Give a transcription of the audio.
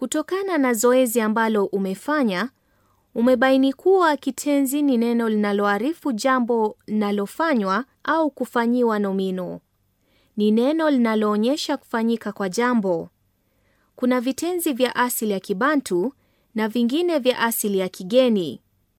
Kutokana na zoezi ambalo umefanya, umebaini kuwa kitenzi ni neno linaloarifu jambo linalofanywa au kufanyiwa nomino. Ni neno linaloonyesha kufanyika kwa jambo. Kuna vitenzi vya asili ya Kibantu na vingine vya asili ya kigeni.